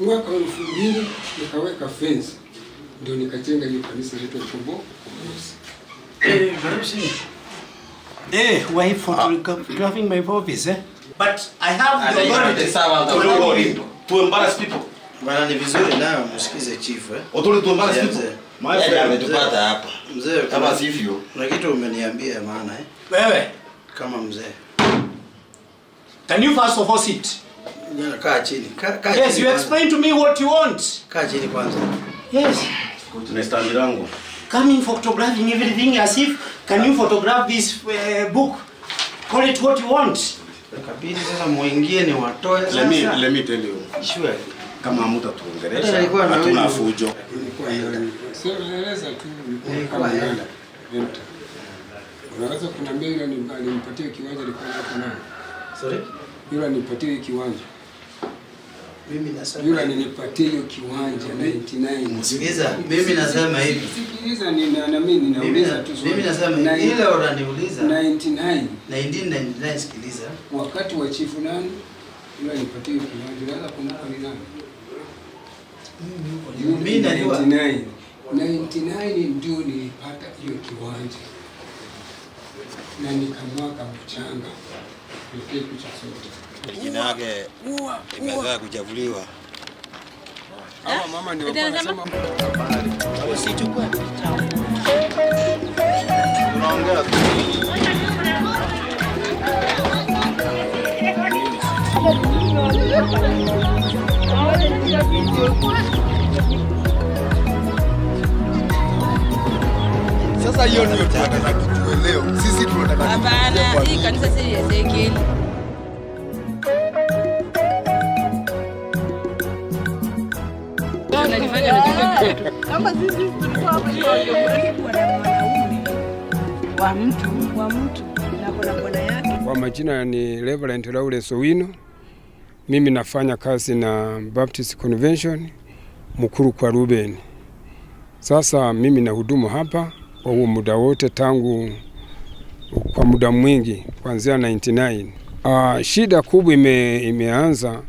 mwaka elfu mbili nikaweka fence ndio nikajenga hiyo kanisa letu la Ukombozi. Eh, Eh, wait for dropping ah. my bobbies, eh? But I have the authority to, to embarrass people. Bana ni vizuri na msikize chief, eh? Authority oh, to embarrass people. Maana ya ametupata hapa. Mzee, kama sivyo. Na kitu umeniambia maana, eh? Wewe kama mzee. Can you first of all sit? Kaa chini. Yes, you explain to me what you want. Kaa chini kwanza. Yes. Kuna stand langu. photographing everything as if can you photograph this uh, book? Call it what you want. sasa muingie ni watoe sasa. Let me let me tell you. Sure. Kama mtu atuongelesha hatuna fujo. Unaweza kuniambia ile nimpatie kiwanja ni kwanza Sorry? Ile nipatie kiwanja mimi nasema yule nilipatia hiyo kiwanja 99. Sikiliza, mimi nasema hivi. Sikiliza, na mimi ninauliza tu swali. Mimi nasema hivi, ile unaniuliza 99. 99, sikiliza. Wakati wa chifu nani? Yule nilipatia hiyo kiwanja, wala kuna kwa nani? Mimi najua 99. 99 ndio nilipata hiyo kiwanja. Na nikamwaga mchanga. Ndio kitu cha sote jina yake imezaa kuchafuliwa. Sasa hiyo ndio tunataka kutuelewa. Sisi tunataka. Hapana, hii kanisa si ya Ezekieli. wa mtu wa mtu na yake. Kwa majina ni Reverend Lawrence Owino. Mimi nafanya kazi na Baptist Convention mkuru kwa Ruben. Sasa mimi nahudumu hapa kwa huo muda wote tangu kwa muda mwingi kuanzia 99. Ah, shida kubwa ime, imeanza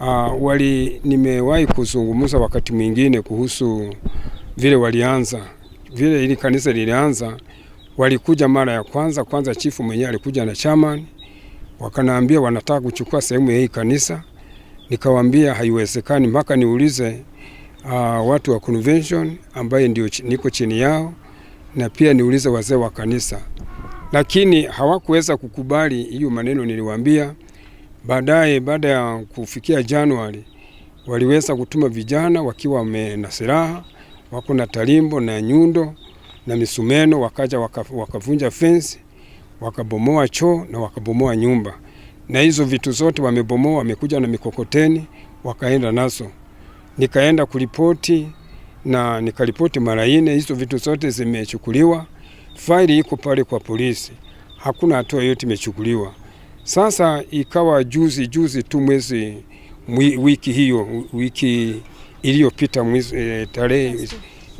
Uh, wali nimewahi kuzungumza wakati mwingine kuhusu vile walianza vile ili kanisa lilianza, walikuja mara ya kwanza kwanza, chifu mwenyewe alikuja na chairman, wakanaambia wanataka kuchukua sehemu ya hii kanisa. Nikawaambia haiwezekani mpaka niulize uh, watu wa convention ambaye ndio niko chini yao na pia niulize wazee wa kanisa, lakini hawakuweza kukubali hiyo maneno niliwaambia Baadaye, baada ya kufikia Januari, waliweza kutuma vijana wakiwa na silaha, wako na tarimbo na nyundo na misumeno, wakaja wakavunja waka fence, wakabomoa choo na wakabomoa nyumba, na hizo vitu zote wamebomoa, wamekuja na mikokoteni wakaenda nazo. Nikaenda kuripoti na nikaripoti mara nne, hizo vitu zote zimechukuliwa. Faili iko pale kwa polisi, hakuna hatua yoyote imechukuliwa. Sasa ikawa juzi juzi tu mwezi wiki hiyo wiki iliyopita e, tarehe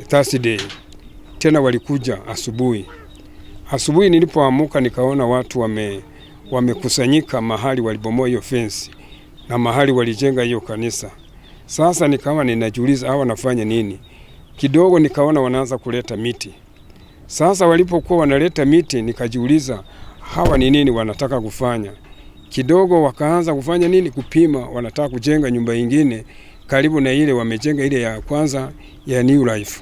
Thursday tena walikuja asubuhi asubuhi. Nilipoamuka nikaona watu wame wamekusanyika mahali walibomoa hiyo fensi na mahali walijenga hiyo kanisa. Sasa nikawa ninajiuliza hawa wanafanya nini? Kidogo nikaona wanaanza kuleta miti. Sasa walipokuwa wanaleta miti, nikajiuliza hawa ni nini wanataka kufanya. Kidogo wakaanza kufanya nini, kupima. Wanataka kujenga nyumba ingine karibu na ile wamejenga ile ya kwanza ya New Life.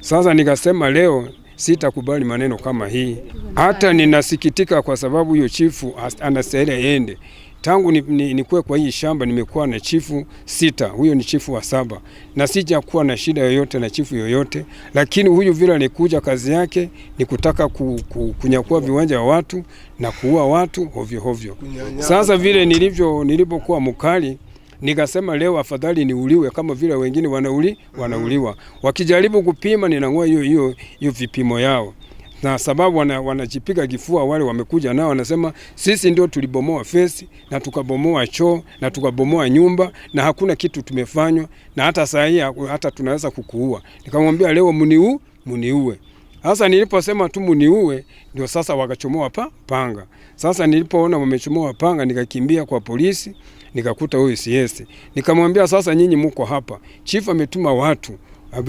Sasa nikasema leo sitakubali maneno kama hii, hata ninasikitika kwa sababu hiyo chifu anastahili aende tangu nikuwe ni, ni kwa hii shamba nimekuwa na chifu sita, huyo ni chifu wa saba, na kuwa na shida yoyote na chifu yoyote. Lakini huyu vile alikuja, kazi yake ni kutaka ku, ku, kunyakua viwanja vya watu na kuua watu hovyo hovyo. Sasa vile nilivyo nilipokuwa mkali nikasema leo afadhali niuliwe kama vile wengine wanauli, wanauliwa. Mm-hmm. Wakijaribu kupima, ninang'oa hiyo hiyo hiyo vipimo yao na sababu wanajipiga wana kifua. Wale wamekuja nao wanasema sisi ndio tulibomoa fesi na tukabomoa choo na tukabomoa nyumba na hakuna kitu tumefanywa, na hata saa hii hata tunaweza kukuua. Nikamwambia leo mniu mniue. Sasa niliposema tu mniue, ndio sasa wakachomoa pa panga. Sasa nilipoona wamechomoa panga, nikakimbia kwa polisi, nikakuta huyu CS, nikamwambia sasa, nyinyi mko hapa, chifu ametuma watu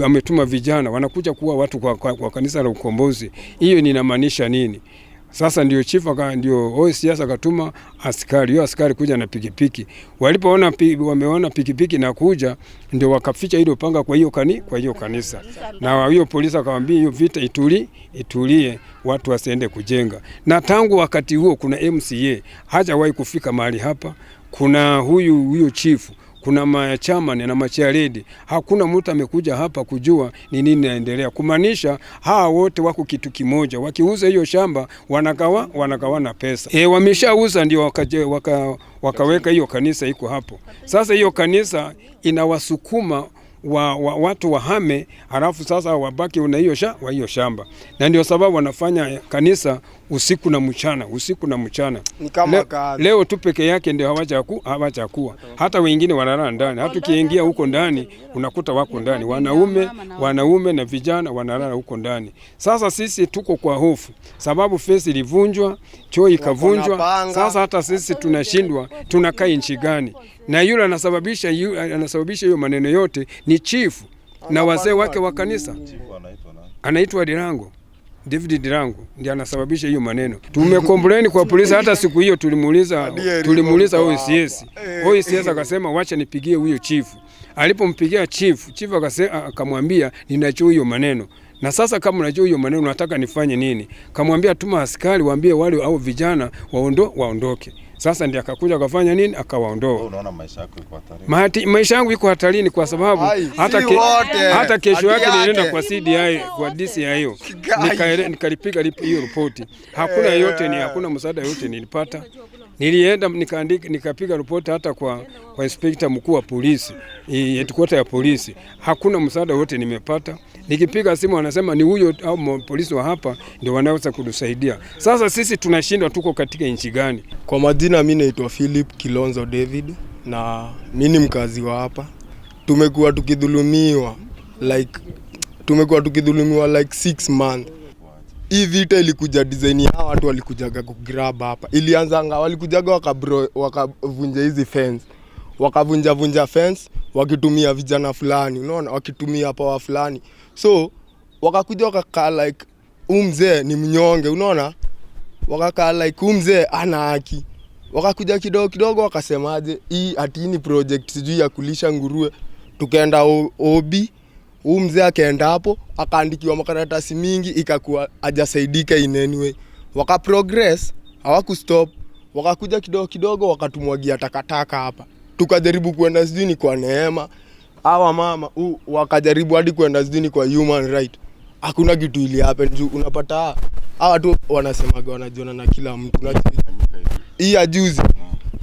ametuma vijana wanakuja kuwa watu kwa, kwa, kwa kanisa la Ukombozi. Hiyo ninamaanisha nini? Sasa ndio chifu ndio OCS akatuma askari, hiyo askari kuja na pikipiki. Walipoona wameona pikipiki na kuja, ndio wakaficha ile panga kwa hiyo kani, kwa hiyo kanisa, na hiyo polisi akamwambia hiyo vita ituli, itulie, watu wasiende kujenga. Na tangu wakati huo kuna MCA hajawahi kufika mahali hapa. Kuna huyu huyu chifu kuna machama na redi, Hakuna mtu amekuja hapa kujua ni nini naendelea, kumaanisha hawa wote wako kitu kimoja. Wakiuza hiyo shamba wanakawa wanakawa na pesa e, wameshauza ndio waka, waka, wakaweka hiyo kanisa iko hapo. Sasa hiyo kanisa inawasukuma wa, wa, watu wahame, halafu sasa wabaki na hiyo sha, wa hiyo shamba, na ndio sababu wanafanya kanisa usiku na mchana, usiku na mchana. Le, leo tu peke yake ndio hawajaku hawajakuwa, hata wengine wanalala ndani. Hata ukiingia huko ndani unakuta wako ndani wanaume, wanaume na vijana wanalala huko ndani. Sasa sisi tuko kwa hofu, sababu fesi ilivunjwa, choo ikavunjwa. Sasa hata sisi tunashindwa, tunakaa nchi gani? Na yule anasababisha anasababisha hiyo maneno yote ni chifu na wazee wake wa kanisa, anaitwa Dirango. David Dirangu ndiye anasababisha hiyo maneno. Tumecomplain kwa polisi, hata siku hiyo tulimuuliza tulimuuliza OCS. Eh. OCS akasema wacha nipigie huyo chifu. Alipompigia chifu, chifu akasema akamwambia ninacho hiyo maneno. Na sasa kama unajua hiyo maneno, nataka nifanye nini? Kamwambia tuma askari waambie wale au vijana waondo, waondoke. Sasa ndiye akakuja akafanya nini, akawaondoa. Unaona, maisha yako iko hatarini. Mahati, maisha yangu iko hatarini kwa sababu hata, ke, hata kesho yake nilienda kwa CDI kwa DCI hiyo nikalipiga hiyo ripoti, hakuna eh. yote ni hakuna msaada yote nilipata. Nilienda nikaandika nikapiga ripoti hata kwa, kwa inspekta mkuu wa polisi headquarters ya polisi, hakuna msaada wote nimepata. Nikipiga simu wanasema ni huyo au polisi wa hapa ndio wanaweza kutusaidia. Sasa sisi tunashindwa, tuko katika nchi gani? kwa madini jina mi naitwa Philip Kilonzo David na mi ni mkazi wa hapa. Tumekuwa tukidhulumiwa like, tumekuwa tukidhulumiwa like six month. Hii vita ilikuja design ya watu walikujaga kugrab hapa, ilianzanga walikujaga wakabro, wakavunja hizi fence, wakavunja vunja fence wakitumia vijana fulani, unaona, wakitumia power fulani, so wakakuja wakakaa like huu mzee ni mnyonge, unaona, wakakaa like huu mzee ana haki wakakuja kidogo kidogo wakasemaje, hii atini project sijui ya kulisha nguruwe. Tukaenda obi huu mzee akaenda hapo akaandikiwa makaratasi mingi, ikakuwa ajasaidika in any way. Waka progress hawaku stop, wakakuja kidogo kidogo wakatumwagia takataka hapa, tukajaribu kwenda sijui ni kwa neema hawa mama u, wakajaribu hadi kwenda sijui ni kwa human right, hakuna kitu ili hapa juu unapata hawa tu wanasemaga wanajiona na kila mtu na chini hii ya juzi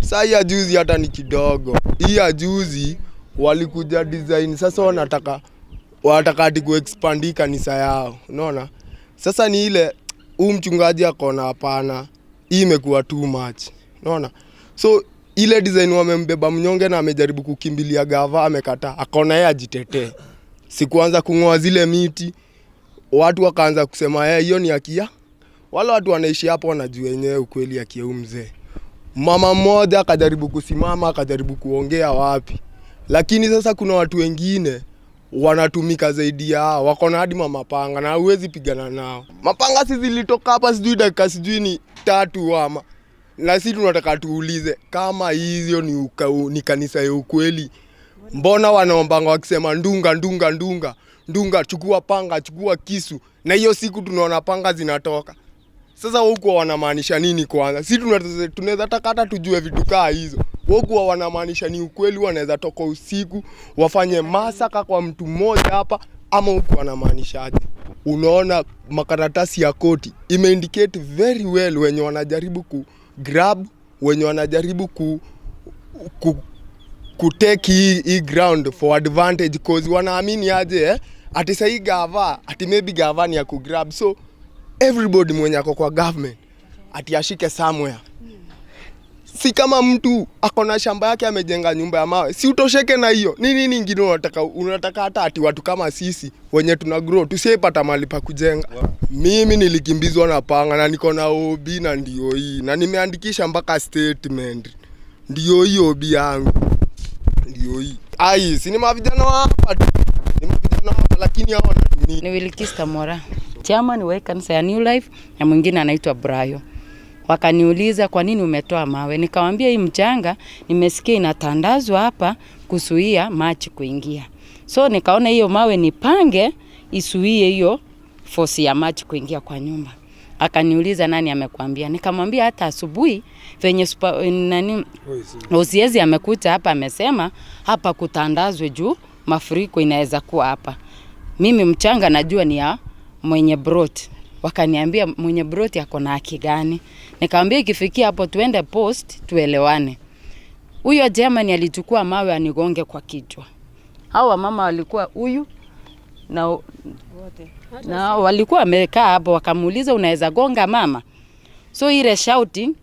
saa hii ya juzi hata ni kidogo. Hii ya juzi walikuja design, sasa wanataka wanataka ati kuexpandi kanisa yao, unaona. Sasa ni ile huu mchungaji akona, hapana, hii imekuwa too much, unaona. So ile design wamembeba mnyonge na amejaribu kukimbilia gava, amekata akona yeye ajitetee. Sikuanza kung'oa zile miti, watu wakaanza kusema yeye eh, hiyo ni akia. Wala watu wanaishi hapo wanajua wenyewe ukweli akia huyu mzee mama mmoja akajaribu kusimama akajaribu kuongea wapi, lakini sasa kuna watu wengine wanatumika zaidi yao, wako na hadi mamapanga na huwezi pigana nao. Mapanga si zilitoka hapa sijui dakika sijui ni tatu ama, na si tunataka tuulize kama hizo ni, ni kanisa ya ukweli. Mbona wanaombanga wakisema ndunga ndunga ndunga ndunga, chukua panga, chukua kisu, na hiyo siku tunaona panga zinatoka. Sasa huko wanamaanisha nini kwanza? Si tunaweza taka hata tujue vitu kaa hizo. Huko wanamaanisha ni ukweli, wanaweza toka usiku wafanye masaka kwa mtu mmoja hapa, ama huku wanamaanisha aje? Unaona, makaratasi ya koti imeindicate very well wenye wanajaribu ku grab, wenye wanajaribu ku, ku, ku take hii, hii ground for advantage cause wanaamini aje eh? Ati sahii gava, ati maybe gava ni ya ku grab so everybody mwenye ako kwa government ati ashike somewhere. Si kama mtu ako na shamba yake amejenga nyumba ya mawe, si utosheke na hiyo? Ni nini ingine unataka? Unataka hata ati watu kama sisi wenye tuna grow tusiepata mali pa kujenga. Mimi nilikimbizwa na panga na niko na OB na ndio hii na nimeandikisha mpaka statement, ndio hii OB yangu ndio hii. Ai, si ni mavijana hapa tu, ni mavijana hapa, lakini hao wanatumia. Ni Wilkista Mora chairman wa kanisa ya New Life na mwingine anaitwa Brayo. Wakaniuliza, kwa nini umetoa mawe? Nikamwambia hii mchanga nimesikia inatandazwa hapa kusuia maji kuingia, so nikaona hiyo mawe nipange isuie hiyo fosi ya maji kuingia kwa nyumba. Akaniuliza, nani amekwambia? Nikamwambia hata asubuhi venye nani Osiezi amekuta hapa, amesema hapa kutandazwe juu mafuriko inaweza kuwa hapa. Mimi mchanga najua ni ya mwenye brot, wakaniambia mwenye broti ako na haki gani? Nikamwambia ikifikia hapo tuende post tuelewane. Huyo German alichukua mawe anigonge kwa kichwa. Hao wamama walikuwa huyu na Na walikuwa wamekaa hapo wakamuuliza unaweza gonga mama? So ile shouting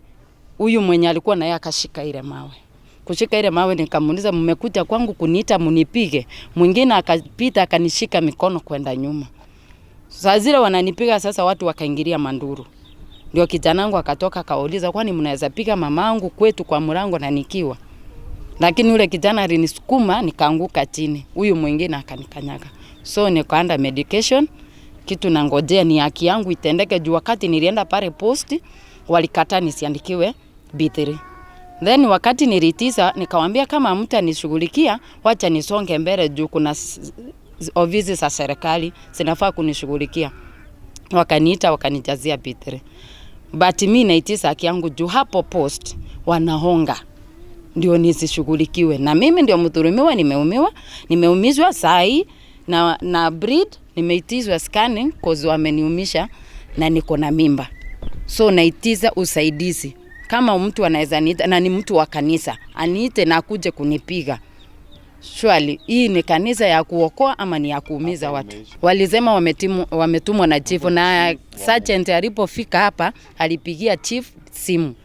huyu mwenye alikuwa naye akashika ile mawe. Kushika ile mawe nikamuuliza mmekuja kwangu kuniita munipige. Mwingine akapita akanishika mikono kwenda nyuma. Saa zile wananipiga sasa, watu wakaingilia Manduru. Ndio kijanangu akatoka akauliza, kwani mnaweza piga mamangu kwetu kwa mlango na nikiwa? Lakini yule kijana alinisukuma nikaanguka chini, huyu mwingine akanikanyaga. So nikaenda medication, kitu nangojea ni haki yangu itendeke, juu wakati nilienda pale post walikataa nisiandikiwe B3. Then wakati nilitiza, nikawambia kama mtu anishughulikia, wacha nisonge mbele juu kuna ofisi za serikali zinafaa kunishughulikia. Wakaniita wakanijazia B3 but mi naitisa haki yangu juu hapo post wanahonga ndio nisishughulikiwe, na mimi ndio mdhulumiwa. Nimeumiwa, nimeumizwa sai na, na breed nimeitizwa scanning cause wameniumisha na niko na mimba, so naitiza usaidizi. Kama mtu anaweza niita na ni mtu wa kanisa aniite na akuje kunipiga Shwali, hii ni kanisa ya kuokoa ama ni ya kuumiza watu? Walisema wametumwa na chief na sergeant alipofika hapa alipigia chief simu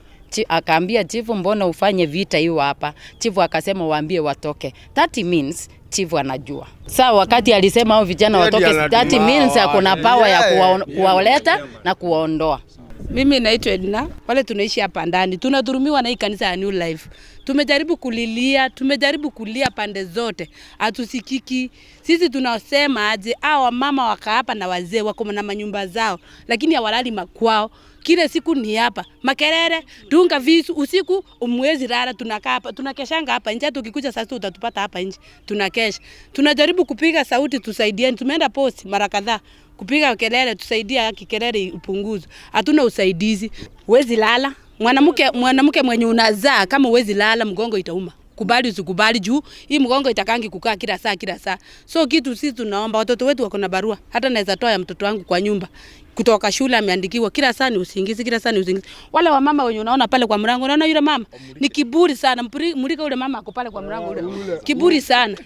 akaambia chief mbona ufanye vita hiyo hapa? chief akasema waambie watoke. That means chief anajua saa wakati alisema hao vijana watoke, that means hakuna power ya kuwaoleta na kuwaondoa. Mimi naitwa Edna, wale tunaishi hapa ndani tunadhurumiwa na hii kanisa ya New Life. Tumejaribu kulilia, tumejaribu kulia pande zote, hatusikiki. Sisi tunasema aje, hawa mama waka hapa na wazee wako na manyumba zao, lakini hawalali makwao kila siku ni hapa makerere, tunga visu usiku, umwezi lala. Tunakaa hapa tunakeshanga hapa nje, tukikuja sasa utatupata hapa nje tunakesha. Tunajaribu kupiga sauti, tusaidieni. Tumeenda posti mara kadhaa kupiga kelele, tusaidia kikelele kelele Hatuna usaidizi, wezi lala mwanamke, mwanamke mwenye unazaa kama wezi lala, mgongo itauma kubali usikubali, juu hii mgongo itakangi kukaa kila saa kila saa. So kitu sisi tunaomba watoto wetu wako na barua, hata naweza toa ya mtoto wangu kwa nyumba kutoka shule ameandikiwa kila saa ni usingizi, kila saa ni usingizi. Wale wa mama wenye unaona pale kwa mlango, unaona yule mama ni kiburi sana. Murika yule mama ako pale kwa mlango, yule kiburi sana.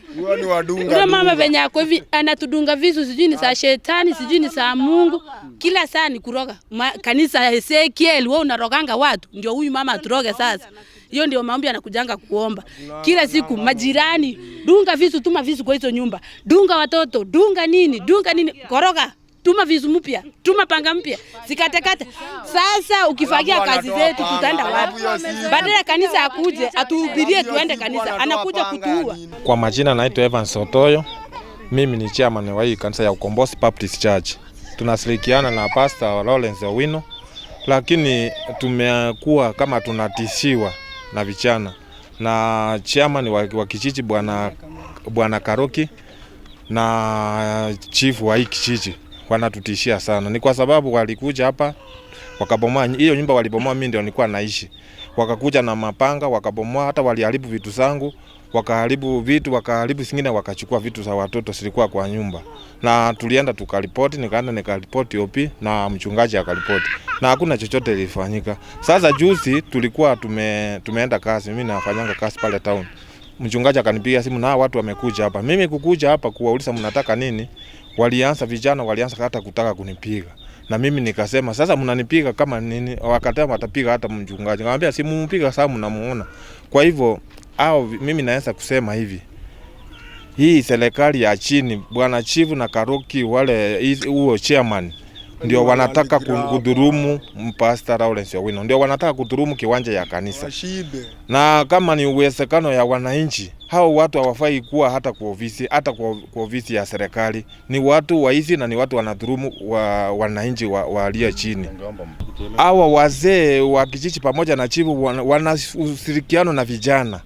Yule mama venye ako hivi anatudunga visu, sijui ni saa shetani, sijui ni saa Mungu, kila saa ni kuroga kanisa Ezekiel, wewe unaroganga watu, ndio huyu mama aturoge sasa. Hiyo ndio maombi anakujanga kuomba kila siku. Majirani dunga visu, tuma visu kwa hizo nyumba, dunga watoto, dunga nini, dunga nini, koroga tuma visu mpya, tuma panga mpya, zikatekate. Sasa ukifagia kazi zetu tutaenda wapi? Badala kanisa akuje atuhubirie tuende kanisa, anakuja kutuua. Kwa majina naitwa Evans Otoyo, mimi ni chairman wa hii kanisa ya Ukombozi Baptist Church. Tunashirikiana na Pastor Lawrence Owino, lakini tumekuwa kama tunatishiwa na vichana na chairman wa wa kichichi bwana bwana Karoki na chifu wa hii kichichi wanatutishia sana. Ni kwa sababu walikuja hapa wakabomoa hiyo nyumba, walibomoa mimi ndio nilikuwa naishi, wakakuja na mapanga wakabomoa, hata waliharibu vitu zangu, wakaharibu vitu, wakaharibu singine, wakachukua vitu za watoto silikuwa kwa nyumba, na tulienda tukaripoti, nikaenda nikaripoti OP na mchungaji akaripoti, na hakuna chochote lilifanyika. Sasa juzi tulikuwa tume, tumeenda kazi, mimi nafanyanga kazi pale town mchungaji akanipiga simu na watu wamekuja hapa. Mimi kukuja hapa kuwauliza mnataka nini? walianza vijana walianza hata kutaka kunipiga na mimi nikasema sasa mnanipiga kama nini? Wakatema watapiga hata mchungaji. Nikamwambia si mumpiga sasa mnamuona. Kwa hivyo au mimi naweza kusema hivi, hii serikali ya chini, bwana chivu na karoki wale huo chairman ndio wanataka kudhurumu mpasta Lawrence Owino, ndio wanataka kudhurumu kiwanja ya kanisa. Na kama ni uwezekano ya wananchi, hao watu hawafai kuwa hata kwa ofisi, hata kwa ofisi ya serikali. Ni watu waizi na ni watu wanadhurumu wa, wananchi walio wa chini. Hawa wazee wa kijiji pamoja na chifu wana ushirikiano na vijana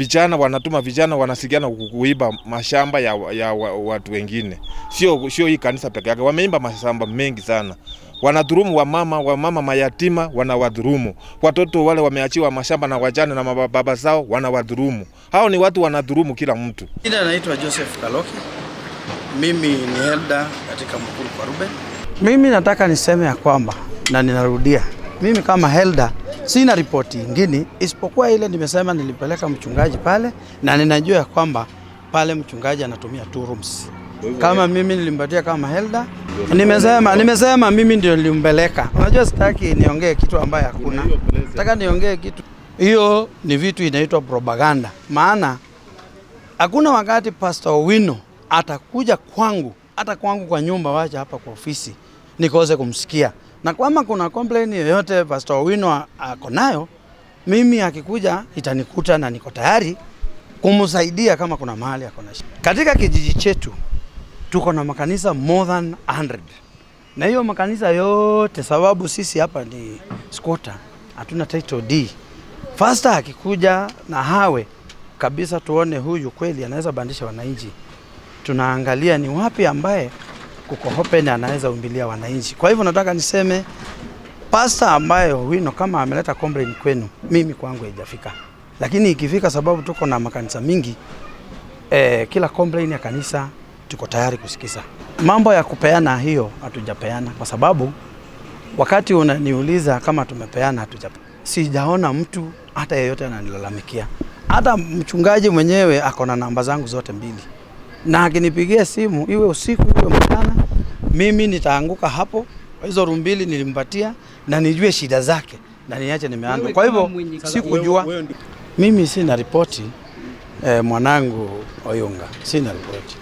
vijana wanatuma vijana wanasigana kuiba mashamba ya, ya watu wengine, sio sio hii kanisa peke yake. Wameimba mashamba mengi sana, wanadhurumu wa mama wa mama mayatima wanawadhurumu, watoto wale wameachiwa mashamba na wajane na mababa zao wanawadhurumu. Hao ni watu wanadhurumu kila mtu. Jina anaitwa Joseph Kaloki, mimi ni helda katika Mkuru kwa Ruben. Mimi nataka niseme ya kwamba na ninarudia, mimi kama helda Sina ripoti nyingine isipokuwa ile nimesema nilipeleka mchungaji pale na ninajua ya kwamba pale mchungaji anatumia two rooms. Kama mimi nilimpatia kama Helda, nimesema nimesema mimi ndio nilimpeleka. Unajua sitaki niongee kitu ambayo hakuna. Nataka niongee kitu. Hiyo ni vitu inaitwa propaganda. Maana hakuna wakati Pastor Wino atakuja kwangu, hata kwangu kwa nyumba, wacha hapa kwa ofisi nikoze kumsikia na kama kuna complain yoyote Pastor Wino ako nayo, mimi akikuja itanikuta na niko tayari kumsaidia kama kuna mahali ako na shida. Katika kijiji chetu tuko na makanisa more than 100 na hiyo makanisa yote, sababu sisi hapa ni squatter, hatuna title D. Pastor akikuja na hawe kabisa, tuone huyu kweli anaweza bandisha wananchi, tunaangalia ni wapi ambaye Kuko open anaweza umbilia wananchi. Kwa hivyo nataka niseme pasta ambayo wino kama ameleta complaint kwenu, mimi kwangu haijafika, lakini ikifika, sababu tuko na makanisa mingi eh, kila complaint ya kanisa tuko tayari kusikiza. Mambo ya kupeana hiyo hatujapeana, kwa sababu wakati unaniuliza kama tumepeana, hatujapeana, sijaona mtu hata yeyote ananilalamikia. Hata mchungaji mwenyewe ako na namba zangu zote mbili, na akinipigia simu iwe usiku iwe mchana mimi nitaanguka hapo, hizo rumbili nilimpatia na nijue shida zake na niache nimeanza. Kwa hivyo sikujua mimi, sina ripoti eh, mwanangu Oyunga, sina ripoti.